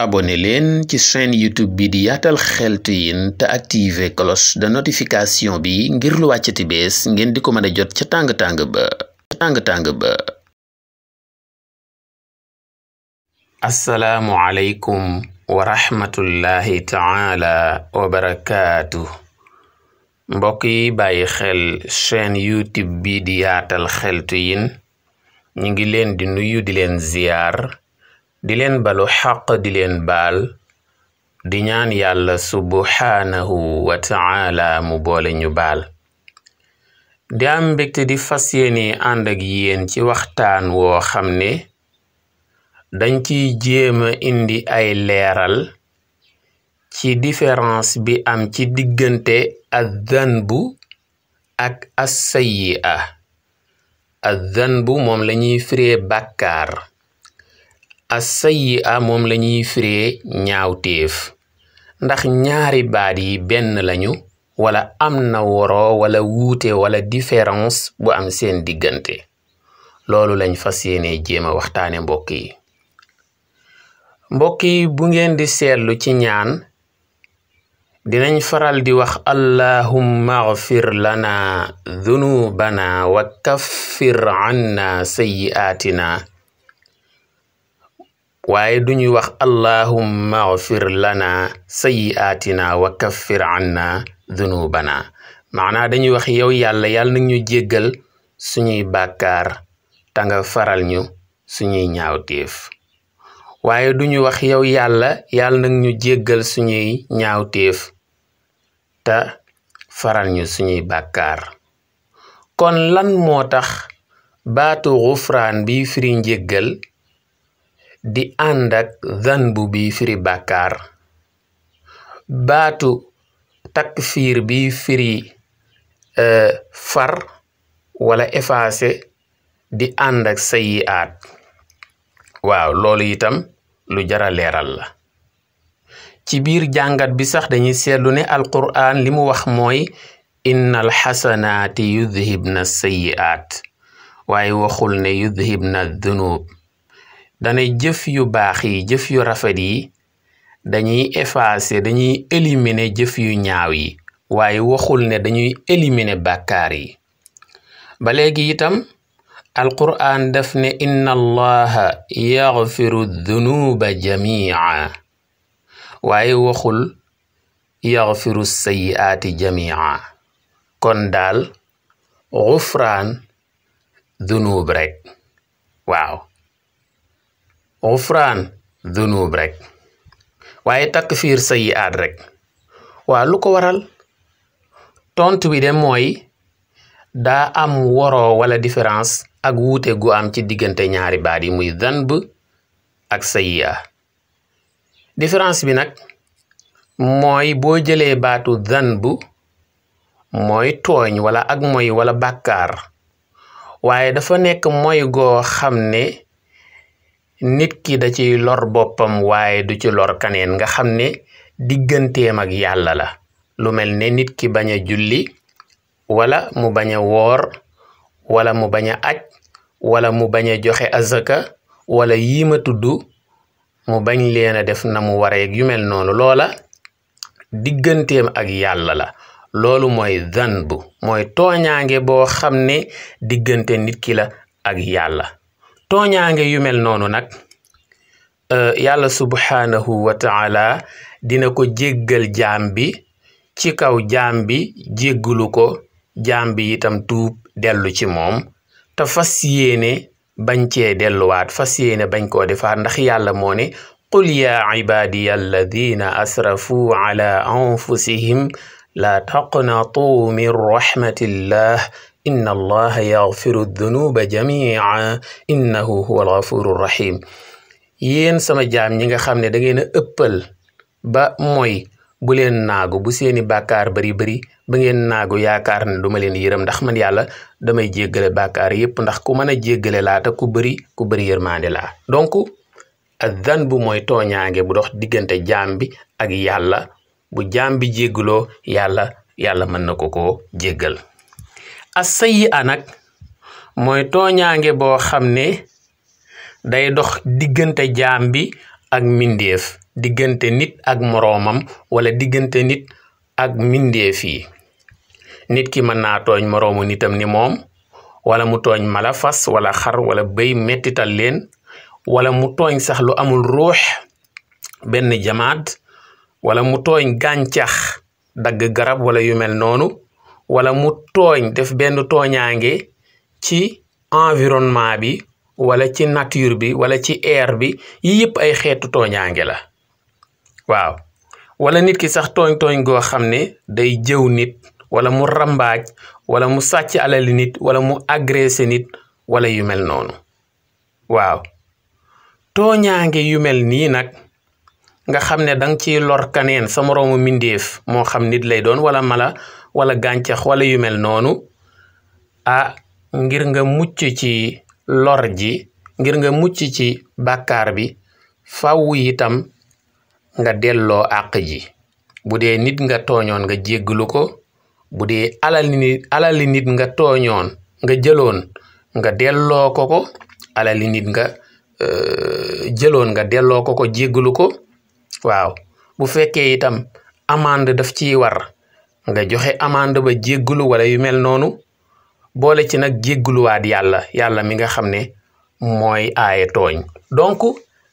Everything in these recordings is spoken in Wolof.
abonné leen ci chaîne youtube bi di yaatal xeltu yin te de notification bi ngir lu wàccati bees ngeen di ko mën a jot ca tàng-tàng ba ca tàng-tàng ba assalaamu aleykum wa rahmatullahi taala wa barakaatu mbokk yi bàyyi xel chaîne youtube bi di yaatal xeltu yin ñu ngi leen di nuyu di leen ziyaar dileen leen balu xaq di leen baal di ñaan yàlla subhaanahu wa ta'ala mu boole ñu baal di am mbégte di fas yéene ànd ak yéen ci waxtaan woo xam ne dañ ciy jéema indi ay leeral ci différence bi am ci diggante ad-danbu ak as-sayyi'a ad moom lañuy firee bàkkaar asayyi'a moom lañuy firee ñaawteef ndax ñaari baat yi benn lañu wala am na woro wala wuute wala différence bu am seen diggante loolu lañ fa yéene jéem a waxtaane mbokk mbokk yi bu ngeen di seetlu ci ñaan dinañ faral di wax allahumma agfir lana dunubana wa kaffir anna sayyi'atina waaye duñuy wax allahumma ghfir lana sayyi'atina wa kaffir anna dunubana maanaa dañuy wax yow yàlla yàlla nag ñu jéggal suñuy bàkkaar ta nga faral ñu suñuy ñaawteef waaye duñu wax yow yàlla yàlla nag ñu jéggal suñuy ñaawteef te faral ñu suñuy bàkkaar kon lan moo tax baatu xufraan bi firi njéggal di ànd ak zanbu bi firi bàkkaar baatu takfiir bi firi e, far wala effacé di ànd ak sayyi'aat waaw loolu itam lu jara leeral la ci biir jàngat bi sax dañuy seetlu ne alqur'an li mu wax mooy innal xasanaati yudhibna sayyi'aat waaye waxul ne yudhibna dunub dana jëf yu baax yi jëf yu rafet yi dañuy efase dañuy éliminer jëf yu ñaaw yi waaye waxul ne dañuy éliminer bàkkaar yi ba léegi itam alqur'an daf ne inna allaha yaxfiru dunuba jamia waaye waxul yaxfiru sayiaati jamia kon daal xufraan dunub rek waaw xufraan dunub rek waaye takfiir sayyi'aat rek waa lu ko waral tontu bi de mooy daa am woro wala différence ak wuute gu am ci diggante ñaari baat yi muy danb ak sayyi'a différence bi nag mooy boo jëlee baatu danb mooy tooñ wala ak moy wala bàkkaar waaye dafa nekk moy goo xam ne nit ki da ciy lor boppam waaye du ci lor kaneen nga xam ne digganteem ak yàlla la lu mel ne nit ki bañ a julli wala mu bañ a woor wala mu bañ a aj wala mu bañ a joxe azaka wala yiima tudd mu bañ leen def na mu waree yu mel noonu loola digganteem ak yàlla la loolu mooy zanbu mooy tooñaange boo xam ne diggante nit ki la ak yàlla tooñaange yu mel noonu nag euh, yàlla subhaanahu wa taala dina ko jéggal jaam bi ci kaw jaam bi jéggalu ko jaam bi itam tuub dellu ci moom te fas yéene bañ cee delluwaat fas yéene bañ koo defaat ndax yàlla moo ne qul yaa ibaadiya alladina asrafuu anfusihim laa taqnatuu min rahmatillah inna allaha yaxfiru dunuba jamia innahu huwa alxafuru rahim yéen sama jaam ñi nga xam ne da ngeen a ëppal ba mooy bu leen naagu bu seeni bàkkaar bari bari ba ngeen naagu yaakaar ne duma leen yërëm ndax man yàlla damay jéggale bàkkaar yépp ndax ku mën a jéggale laa te ku bari ku bari yërmaande laa donc adan moy mooy tooñaange bu ndox diggante jaam bi ak yàlla bu jaam bi jéggaloo yàlla yàlla na ko koo assayi a nag mooy tooñaange boo xam ne day dox diggante jaam bi ak mbindeef diggante nit ak moroomam wala diggante nit ak mbindeef yi nit ki mën na tooñ moroomu nitam ni moom wala mu tooñ mala fas wala xar wala bay metital leen wala mu tooñ sax lu amul ruux benn jamaat wala mu tooñ gàncax dagg garab wala yu mel noonu wala mu tooñ def benn tooñaange ci environnement bi wala ci nature bi wala ci air bi yi yëpp ay xeetu tooñaange la waaw wala nit ki sax tooñ tooñ goo xam ne day jëw nit wala mu rambaaj wala mu sàcc alali wala mu agressé nit wala yu mel noonu waaw tooñaange yu mel nii nag nga xam ne danga ciy lor kaneen sa moroomu mindeef moo xam nit lay doon wala mala wala gàncax wala yu mel noonu ah ngir nga mucc ci lor ji ngir nga mucc ci bàkkaar bi faw itam nga delloo àq ji bu dee nit nga tooñoon nga jéggalu ko bu dee alali nit nga tooñoon nga jëloon nga delloo ko ko alali nit nga euh, jëloon nga delloo ko ko jéggalu ko waaw bu fekkee itam amande daf ci war nga joxe amande ba jéggalu wala yu mel noonu boole ci nag jégguluwaat yàlla yàlla mi nga xam ne mooy aaye tooñ donc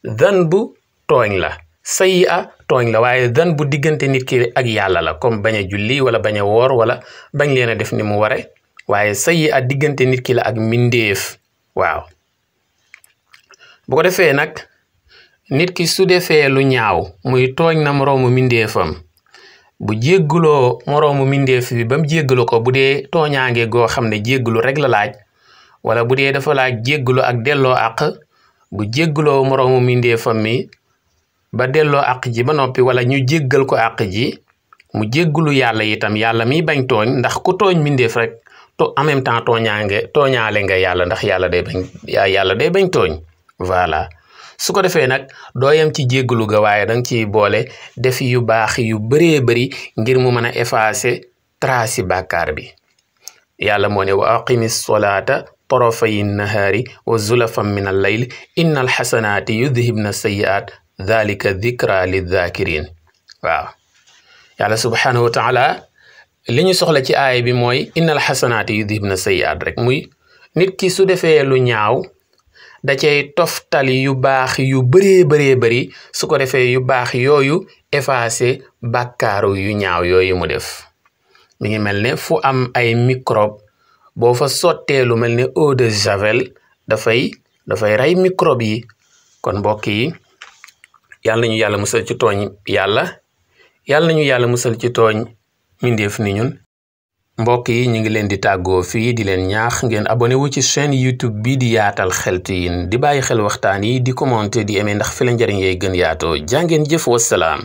dan bu tooñ la sayi a tooñ la waaye dan bu diggante nit ki ak yàlla la comme bañ a julli wala bañ a woor wala bañ leen a def ni mu ware waaye sayi a diggante nit ki la ak mindeef waaw bu ko defee nag nit ki su defee lu ñaaw muy tooñ na moroomu mindeefam bu jéggaloo moroomu mindeef bi ba mu jéggalu ko bu dee tooñaange goo xam ne jéggalu rek la laaj wala bu dee dafa laaj jéggalu ak delloo àq bu jéggaloo moroomu mindeefam mi ba delloo àq ji ba noppi wala ñu jéggal ko àq ji mu jéggalu yàlla itam yàlla miy bañ tooñ ndax ku tooñ mindeef rek to en même temps tooñaange tooñaale nga yàlla ndax yàlla day bañ yàlla day bañ tooñ voilà su ko defee nag doo yem ci jéggalu ga waaye da nga ciy boole def yu baax yu bëree bëri ngir mu mën a effacer trace bàkkaar bi yàlla moo ne wa aqimi solaata torofayi nahaari wa zulafan min al layl inna al xasanaati yudhibna sayi'aat dhalika dhikra lidhakirin waaw yàlla subhaanahu wa taala li ñu soxla ci aaya bi mooy innal xasanaati yudhibna sayi'aat rek muy nit ki su defee lu ñaaw da cay toftali yu baax yu baree baree bari su ko defee yu baax yooyu effacé bàkkaaru yu ñaaw yooyu mu def mi ngi mel ne fu am ay microbe boo fa sottee lu mel ne eau de javel dafay dafay rey microbe yi kon mbokk yi yàlla nañu yàlla musal ci tooñ yàlla yàlla nañu yàlla musal ci tooñ mindeef ni ñun mbokk yi ñu ngi leen di tàggoo fii di leen ñaax ngeen abonné wu ci seen YouTube bi di yaatal xeltu yin di bàyyi xel waxtaan yi di commenter di aimer ndax fi la njariñ yay gën yaatoo jàngeen jëf wassalaam